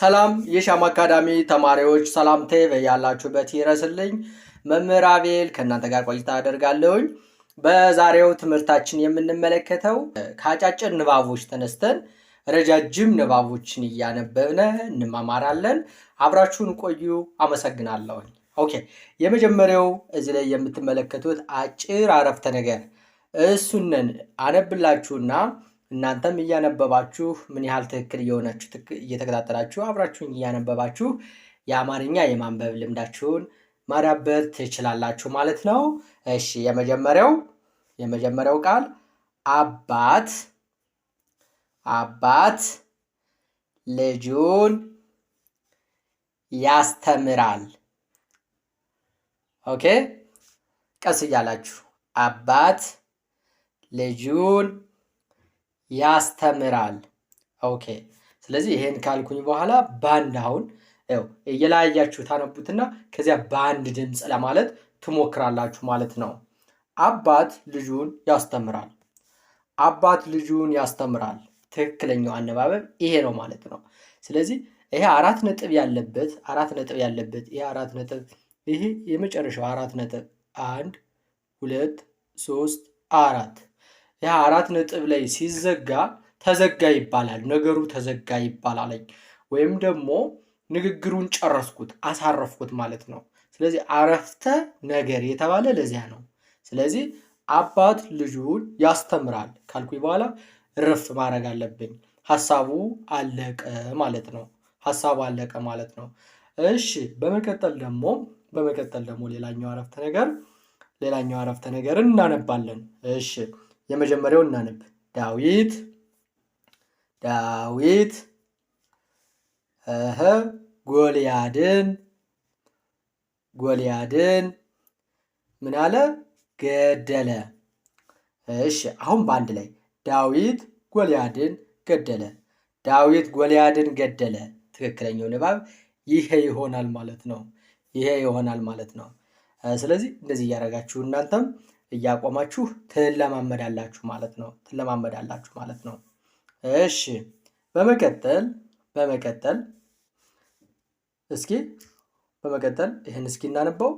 ሰላም የሻማ አካዳሚ ተማሪዎች ሰላምቴ በያላችሁበት ይረስልኝ። መምህር አቤል ከእናንተ ጋር ቆይታ አደርጋለሁኝ። በዛሬው ትምህርታችን የምንመለከተው ከአጫጭር ንባቦች ተነስተን ረጃጅም ንባቦችን እያነበብነ እንማማራለን። አብራችሁን ቆዩ። አመሰግናለሁኝ። ኦኬ፣ የመጀመሪያው እዚህ ላይ የምትመለከቱት አጭር አረፍተ ነገር እሱንን አነብላችሁና እናንተም እያነበባችሁ ምን ያህል ትክክል እየሆነችሁ እየተከታተላችሁ አብራችሁን እያነበባችሁ የአማርኛ የማንበብ ልምዳችሁን ማዳበር ትችላላችሁ ማለት ነው። እሺ የመጀመሪያው የመጀመሪያው ቃል አባት አባት ልጁን ያስተምራል። ኦኬ ቀስ እያላችሁ አባት ልጁን ያስተምራል። ኦኬ ስለዚህ ይሄን ካልኩኝ በኋላ ባንድ አሁን ው እየለያያችሁ ታነቡትና ከዚያ በአንድ ድምፅ ለማለት ትሞክራላችሁ ማለት ነው። አባት ልጁን ያስተምራል። አባት ልጁን ያስተምራል። ትክክለኛው አነባበብ ይሄ ነው ማለት ነው። ስለዚህ ይሄ አራት ነጥብ ያለበት አራት ነጥብ ያለበት ይሄ አራት ነጥብ ይሄ የመጨረሻው አራት ነጥብ አንድ ሁለት ሶስት አራት ያ አራት ነጥብ ላይ ሲዘጋ ተዘጋ ይባላል። ነገሩ ተዘጋ ይባላለኝ ወይም ደግሞ ንግግሩን ጨረስኩት አሳረፍኩት ማለት ነው። ስለዚህ አረፍተ ነገር የተባለ ለዚያ ነው። ስለዚህ አባት ልጁን ያስተምራል ካልኩኝ በኋላ እርፍ ማድረግ አለብኝ። ሀሳቡ አለቀ ማለት ነው። ሀሳቡ አለቀ ማለት ነው። እሺ በመቀጠል ደግሞ በመቀጠል ደግሞ ሌላኛው አረፍተ ነገር ሌላኛው አረፍተ ነገር እናነባለን። እሺ የመጀመሪያው እናንብ። ዳዊት ዳዊት እህ ጎልያድን ጎልያድን ምን አለ ገደለ። እሺ አሁን በአንድ ላይ ዳዊት ጎልያድን ገደለ። ዳዊት ጎልያድን ገደለ። ትክክለኛው ንባብ ይሄ ይሆናል ማለት ነው። ይሄ ይሆናል ማለት ነው። ስለዚህ እንደዚህ እያደረጋችሁ እናንተም እያቆማችሁ ትለማመዳላችሁ ማለት ነው። ትለማመዳላችሁ ማለት ነው። እሺ በመቀጠል በመቀጠል እስኪ በመቀጠል ይህን እስኪ እናነበው።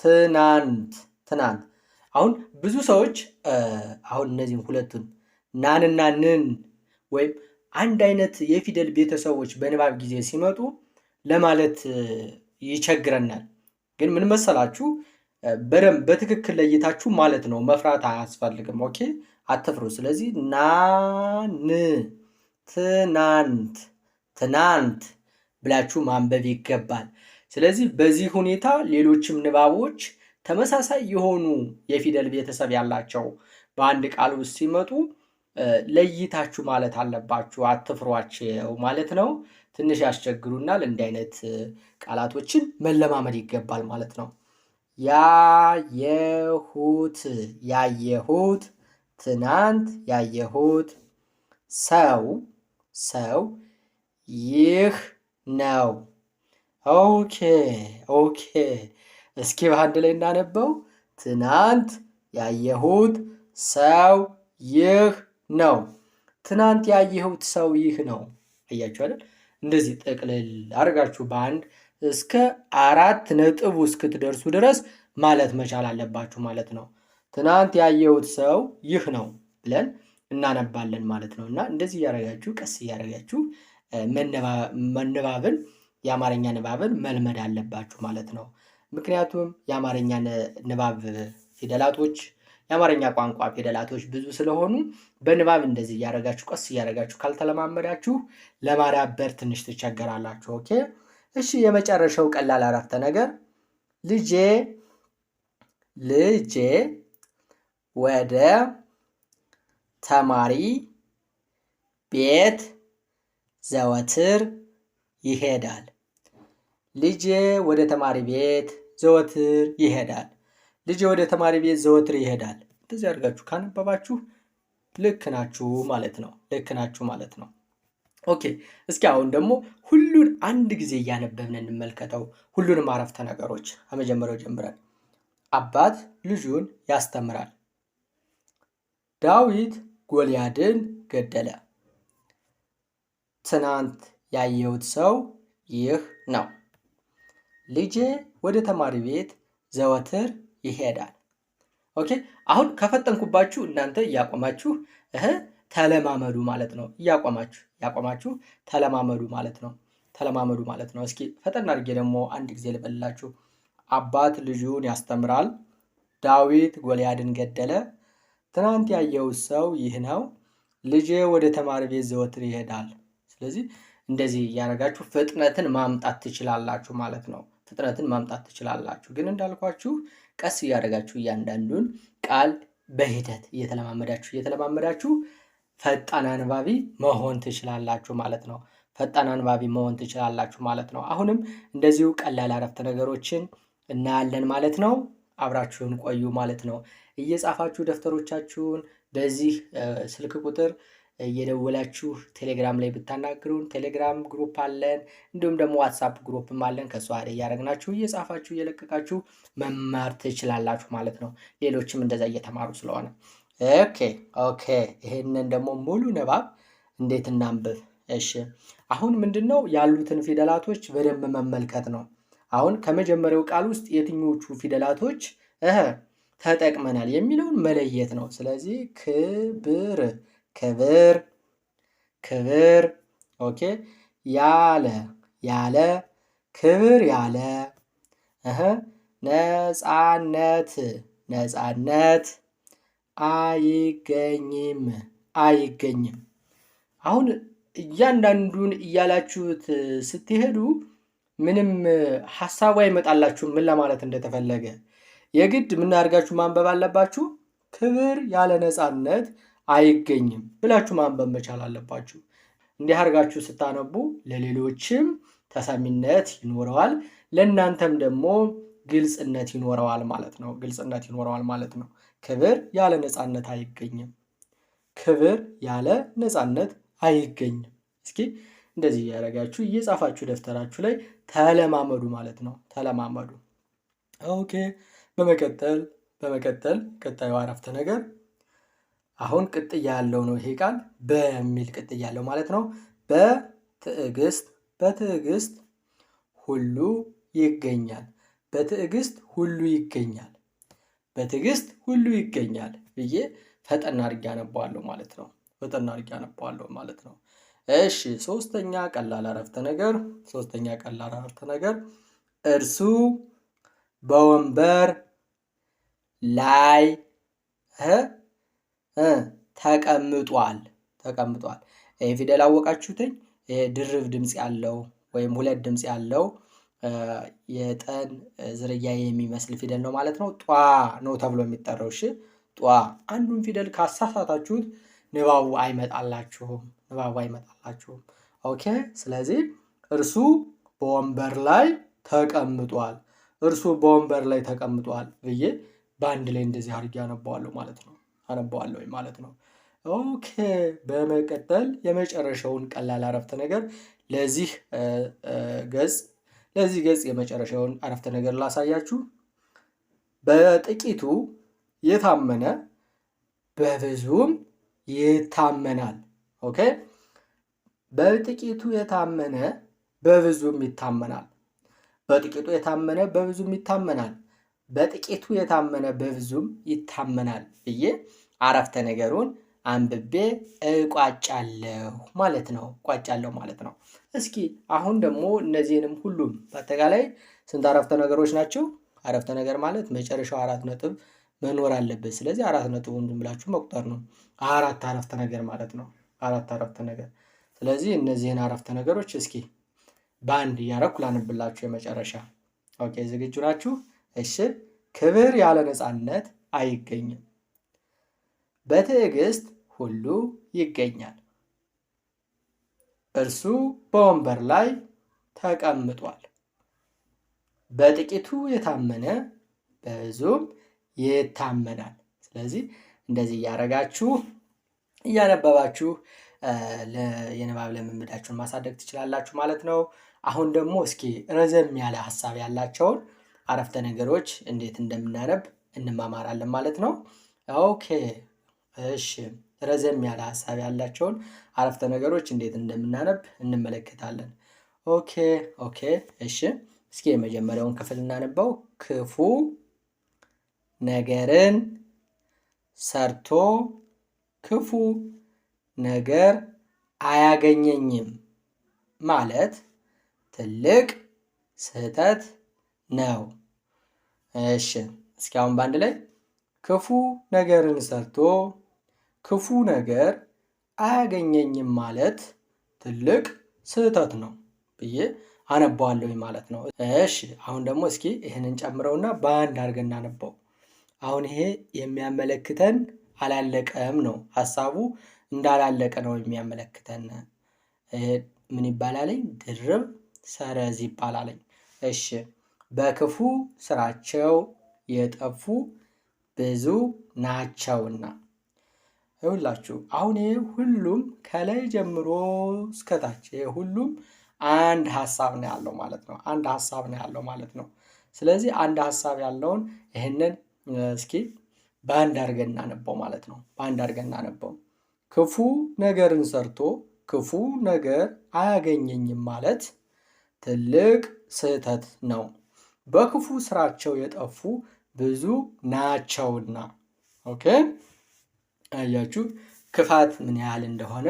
ትናንት ትናንት። አሁን ብዙ ሰዎች አሁን እነዚህም ሁለቱን ናንና ንን ወይም አንድ አይነት የፊደል ቤተሰቦች በንባብ ጊዜ ሲመጡ ለማለት ይቸግረናል። ግን ምን መሰላችሁ በደንብ በትክክል ለይታችሁ ማለት ነው። መፍራት አያስፈልግም። ኦኬ አትፍሩ። ስለዚህ ናን፣ ትናንት፣ ትናንት ብላችሁ ማንበብ ይገባል። ስለዚህ በዚህ ሁኔታ ሌሎችም ንባቦች ተመሳሳይ የሆኑ የፊደል ቤተሰብ ያላቸው በአንድ ቃል ውስጥ ሲመጡ ለይታችሁ ማለት አለባችሁ። አትፍሯቸው ማለት ነው። ትንሽ ያስቸግሩናል። እንዲህ አይነት ቃላቶችን መለማመድ ይገባል ማለት ነው። ያየሁት ያየሁት ትናንት ያየሁት ሰው ሰው ይህ ነው። ኦኬ ኦኬ። እስኪ በአንድ ላይ እናነበው። ትናንት ያየሁት ሰው ይህ ነው። ትናንት ያየሁት ሰው ይህ ነው። አያችሁ አይደል? እንደዚህ ጠቅልል አድርጋችሁ በአንድ እስከ አራት ነጥቡ እስክትደርሱ ድረስ ማለት መቻል አለባችሁ ማለት ነው። ትናንት ያየሁት ሰው ይህ ነው ብለን እናነባለን ማለት ነው። እና እንደዚህ እያደረጋችሁ ቀስ እያደረጋችሁ መንባብን የአማርኛ ንባብን መልመድ አለባችሁ ማለት ነው። ምክንያቱም የአማርኛ ንባብ ፊደላቶች የአማርኛ ቋንቋ ፊደላቶች ብዙ ስለሆኑ በንባብ እንደዚህ እያደረጋችሁ ቀስ እያደረጋችሁ ካልተለማመዳችሁ ለማዳበር ትንሽ ትቸገራላችሁ። ኦኬ እሺ የመጨረሻው ቀላል አረፍተ ነገር ልጄ ልጄ ወደ ተማሪ ቤት ዘወትር ይሄዳል። ልጄ ወደ ተማሪ ቤት ዘወትር ይሄዳል። ልጄ ወደ ተማሪ ቤት ዘወትር ይሄዳል። እንደዚህ አድርጋችሁ ካነበባችሁ ልክ ናችሁ ማለት ነው። ልክ ናችሁ ማለት ነው። ኦኬ እስኪ አሁን ደግሞ ሁሉን አንድ ጊዜ እያነበብን እንመልከተው። ሁሉንም አረፍተ ነገሮች ከመጀመሪያው ጀምረን። አባት ልጁን ያስተምራል። ዳዊት ጎልያድን ገደለ። ትናንት ያየሁት ሰው ይህ ነው። ልጄ ወደ ተማሪ ቤት ዘወትር ይሄዳል። ኦኬ አሁን ከፈጠንኩባችሁ እናንተ እያቆማችሁ ተለማመዱ ማለት ነው። እያቆማችሁ እያቆማችሁ ተለማመዱ ማለት ነው። ተለማመዱ ማለት ነው። እስኪ ፈጠን አድርጌ ደግሞ አንድ ጊዜ ልበልላችሁ። አባት ልጁን ያስተምራል። ዳዊት ጎልያድን ገደለ። ትናንት ያየው ሰው ይህ ነው። ልጄ ወደ ተማሪ ቤት ዘወትር ይሄዳል። ስለዚህ እንደዚህ እያደረጋችሁ ፍጥነትን ማምጣት ትችላላችሁ ማለት ነው። ፍጥነትን ማምጣት ትችላላችሁ። ግን እንዳልኳችሁ ቀስ እያደረጋችሁ እያንዳንዱን ቃል በሂደት እየተለማመዳችሁ እየተለማመዳችሁ ፈጣን አንባቢ መሆን ትችላላችሁ ማለት ነው። ፈጣን አንባቢ መሆን ትችላላችሁ ማለት ነው። አሁንም እንደዚሁ ቀላል አረፍተ ነገሮችን እናያለን ማለት ነው። አብራችሁን ቆዩ ማለት ነው። እየጻፋችሁ ደብተሮቻችሁን በዚህ ስልክ ቁጥር እየደወላችሁ ቴሌግራም ላይ ብታናግሩን፣ ቴሌግራም ግሩፕ አለን። እንዲሁም ደግሞ ዋትሳፕ ግሩፕም አለን። ከእሱ አደ እያደረግናችሁ እየጻፋችሁ እየለቀቃችሁ መማር ትችላላችሁ ማለት ነው። ሌሎችም እንደዛ እየተማሩ ስለሆነ ኦኬ ኦኬ ይሄንን ደግሞ ሙሉ ንባብ እንዴት እናንብብ? እሺ አሁን ምንድን ነው ያሉትን ፊደላቶች በደንብ መመልከት ነው። አሁን ከመጀመሪያው ቃል ውስጥ የትኞቹ ፊደላቶች እህ ተጠቅመናል የሚለውን መለየት ነው። ስለዚህ ክብር፣ ክብር፣ ክብር። ኦኬ ያለ፣ ያለ፣ ክብር ያለ፣ ነፃነት፣ ነፃነት አይገኝም አይገኝም። አሁን እያንዳንዱን እያላችሁት ስትሄዱ ምንም ሀሳቡ አይመጣላችሁም። ምን ለማለት እንደተፈለገ የግድ ምናደርጋችሁ ማንበብ አለባችሁ። ክብር ያለ ነፃነት አይገኝም ብላችሁ ማንበብ መቻል አለባችሁ። እንዲህ አድርጋችሁ ስታነቡ ለሌሎችም ተሰሚነት ይኖረዋል፣ ለእናንተም ደግሞ ግልጽነት ይኖረዋል ማለት ነው። ግልጽነት ይኖረዋል ማለት ነው። ክብር ያለ ነፃነት አይገኝም። ክብር ያለ ነፃነት አይገኝም። እስኪ እንደዚህ እያደረጋችሁ እየጻፋችሁ ደብተራችሁ ላይ ተለማመዱ ማለት ነው። ተለማመዱ። ኦኬ። በመቀጠል በመቀጠል ቀጣዩ አረፍተ ነገር አሁን ቅጥያ ያለው ነው። ይሄ ቃል በሚል ቅጥያ ያለው ማለት ነው። በትዕግስት በትዕግስት ሁሉ ይገኛል በትዕግስት ሁሉ ይገኛል በትዕግስት ሁሉ ይገኛል ብዬ ፈጠን አድርጌ አነባዋለሁ ማለት ነው። ፈጠን አድርጌ አነባዋለሁ ማለት ነው። እሺ ሶስተኛ ቀላል አረፍተ ነገር ሶስተኛ ቀላል አረፍተ ነገር እርሱ በወንበር ላይ ተቀምጧል ተቀምጧል። ይህ ፊደል አወቃችሁትኝ? ይሄ ድርብ ድምፅ ያለው ወይም ሁለት ድምፅ ያለው የጠን ዝርያ የሚመስል ፊደል ነው ማለት ነው። ጧ ነው ተብሎ የሚጠራው። እሺ ጧ አንዱን ፊደል ካሳሳታችሁት ንባቡ አይመጣላችሁም፣ ንባቡ አይመጣላችሁም። ኦኬ። ስለዚህ እርሱ በወንበር ላይ ተቀምጧል፣ እርሱ በወንበር ላይ ተቀምጧል ብዬ በአንድ ላይ እንደዚህ አድርጌ አነበዋለሁ ማለት ነው። አነባዋለሁ ማለት ነው። ኦኬ። በመቀጠል የመጨረሻውን ቀላል አረፍተ ነገር ለዚህ ገጽ ለዚህ ገጽ የመጨረሻውን አረፍተ ነገር ላሳያችሁ። በጥቂቱ የታመነ በብዙም ይታመናል። ኦኬ በጥቂቱ የታመነ በብዙም ይታመናል። በጥቂቱ የታመነ በብዙም ይታመናል። በጥቂቱ የታመነ በብዙም ይታመናል ብዬ አረፍተ ነገሩን አንብቤ እቋጫለሁ ማለት ነው። እቋጫለሁ ማለት ነው። እስኪ አሁን ደግሞ እነዚህንም ሁሉም በአጠቃላይ ስንት አረፍተ ነገሮች ናቸው? አረፍተ ነገር ማለት መጨረሻው አራት ነጥብ መኖር አለበት። ስለዚህ አራት ነጥቡን ዝም ብላችሁ መቁጠር ነው። አራት አረፍተ ነገር ማለት ነው። አራት አረፍተ ነገር። ስለዚህ እነዚህን አረፍተ ነገሮች እስኪ በአንድ እያረኩ ላንብላችሁ የመጨረሻ። ኦኬ ዝግጁ ናችሁ? እሺ። ክብር ያለ ነፃነት አይገኝም፣ በትዕግስት ሁሉ ይገኛል። እርሱ በወንበር ላይ ተቀምጧል። በጥቂቱ የታመነ በብዙም ይታመናል። ስለዚህ እንደዚህ እያደረጋችሁ እያነበባችሁ የንባብ ልምምዳችሁን ማሳደግ ትችላላችሁ ማለት ነው። አሁን ደግሞ እስኪ ረዘም ያለ ሀሳብ ያላቸውን አረፍተ ነገሮች እንዴት እንደምናነብ እንማማራለን ማለት ነው። ኦኬ እሺ። ረዘም ያለ ሀሳብ ያላቸውን አረፍተ ነገሮች እንዴት እንደምናነብ እንመለከታለን። ኦኬ ኦኬ፣ እሺ። እስኪ የመጀመሪያውን ክፍል እናነባው ክፉ ነገርን ሰርቶ ክፉ ነገር አያገኘኝም ማለት ትልቅ ስህተት ነው። እሺ፣ እስኪ አሁን በአንድ ላይ ክፉ ነገርን ሰርቶ ክፉ ነገር አያገኘኝም ማለት ትልቅ ስህተት ነው ብዬ አነባዋለሁኝ ማለት ነው። እሺ አሁን ደግሞ እስኪ ይህንን ጨምረውና በአንድ አድርገን እናነባው። አሁን ይሄ የሚያመለክተን አላለቀም ነው፣ ሀሳቡ እንዳላለቀ ነው የሚያመለክተን። ምን ይባላለኝ? ድርብ ሰረዝ ይባላለኝ። እሺ በክፉ ስራቸው የጠፉ ብዙ ናቸውና ይሁላችሁ አሁን ይህ ሁሉም ከላይ ጀምሮ እስከታች ይህ ሁሉም አንድ ሀሳብ ነው ያለው ማለት ነው። አንድ ሀሳብ ነው ያለው ማለት ነው። ስለዚህ አንድ ሀሳብ ያለውን ይህንን እስኪ በአንድ አድርገን እናነበው ማለት ነው። በአንድ አድርገን እናነበው። ክፉ ነገርን ሰርቶ ክፉ ነገር አያገኘኝም ማለት ትልቅ ስህተት ነው፣ በክፉ ስራቸው የጠፉ ብዙ ናቸውና። ኦኬ አያችሁ ክፋት ምን ያህል እንደሆነ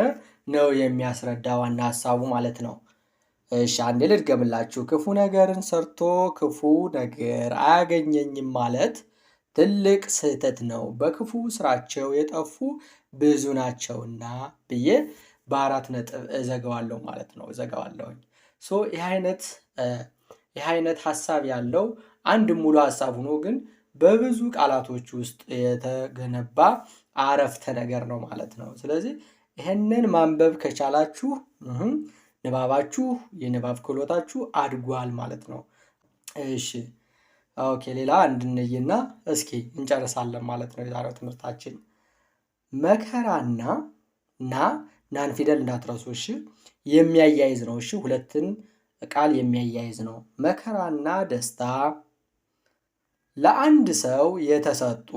ነው የሚያስረዳ ዋና ሀሳቡ ማለት ነው። እሺ አንዴ ልድገምላችሁ። ክፉ ነገርን ሰርቶ ክፉ ነገር አያገኘኝም ማለት ትልቅ ስህተት ነው፣ በክፉ ስራቸው የጠፉ ብዙ ናቸውና ብዬ በአራት ነጥብ እዘጋዋለሁ ማለት ነው። እዘጋዋለሁኝ ሶ ይህ አይነት ሀሳብ ያለው አንድ ሙሉ ሀሳብ ሆኖ ግን በብዙ ቃላቶች ውስጥ የተገነባ አረፍተ ነገር ነው ማለት ነው። ስለዚህ ይህንን ማንበብ ከቻላችሁ ንባባችሁ የንባብ ክህሎታችሁ አድጓል ማለት ነው። እሺ ኦኬ፣ ሌላ እንድንይና እስኪ እንጨርሳለን ማለት ነው የዛሬው ትምህርታችን መከራና ና ናን ፊደል እንዳትረሱ እሺ። የሚያያይዝ ነው እሺ። ሁለትን ቃል የሚያያይዝ ነው። መከራና ደስታ ለአንድ ሰው የተሰጡ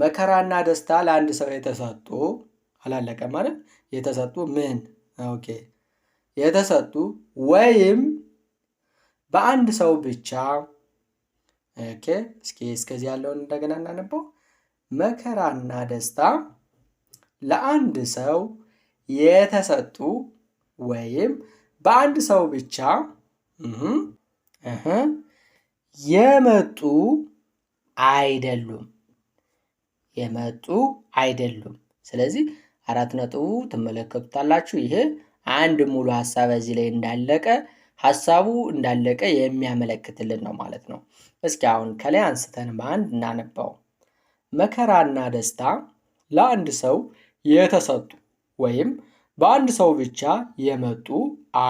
መከራና ደስታ ለአንድ ሰው የተሰጡ አላለቀ ማለት የተሰጡ ምን ኦኬ የተሰጡ ወይም በአንድ ሰው ብቻ ኦኬ። እስኪ እስከዚህ ያለውን እንደገና እናነበው። መከራና ደስታ ለአንድ ሰው የተሰጡ ወይም በአንድ ሰው ብቻ የመጡ አይደሉም። የመጡ አይደሉም። ስለዚህ አራት ነጥቡ ትመለከቱታላችሁ። ይሄ አንድ ሙሉ ሀሳብ እዚህ ላይ እንዳለቀ ሀሳቡ እንዳለቀ የሚያመለክትልን ነው ማለት ነው። እስኪ አሁን ከላይ አንስተን በአንድ እናነባው። መከራና ደስታ ለአንድ ሰው የተሰጡ ወይም በአንድ ሰው ብቻ የመጡ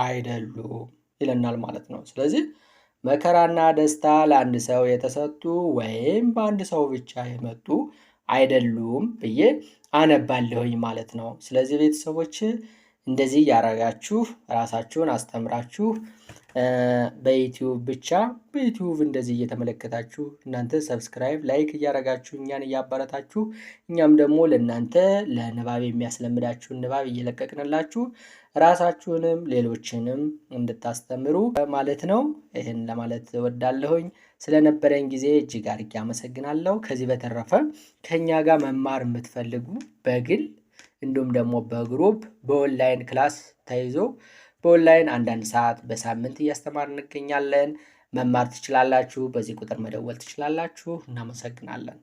አይደሉም ይለናል ማለት ነው። ስለዚህ መከራና ደስታ ለአንድ ሰው የተሰጡ ወይም በአንድ ሰው ብቻ የመጡ አይደሉም ብዬ አነባለሁኝ ማለት ነው። ስለዚህ ቤተሰቦች እንደዚህ እያደረጋችሁ ራሳችሁን አስተምራችሁ በዩትዩብ ብቻ በዩትዩብ እንደዚህ እየተመለከታችሁ እናንተ ሰብስክራይብ ላይክ እያደረጋችሁ እኛን እያበረታችሁ እኛም ደግሞ ለእናንተ ለንባብ የሚያስለምዳችሁን ንባብ እየለቀቅንላችሁ ራሳችሁንም ሌሎችንም እንድታስተምሩ ማለት ነው። ይህን ለማለት ወዳለሁኝ ስለነበረኝ ጊዜ እጅግ አድርጌ አመሰግናለሁ። ከዚህ በተረፈ ከእኛ ጋር መማር የምትፈልጉ በግል እንዲሁም ደግሞ በግሩፕ በኦንላይን ክላስ ተይዞ በኦንላይን አንዳንድ ሰዓት በሳምንት እያስተማር እንገኛለን። መማር ትችላላችሁ። በዚህ ቁጥር መደወል ትችላላችሁ። እናመሰግናለን።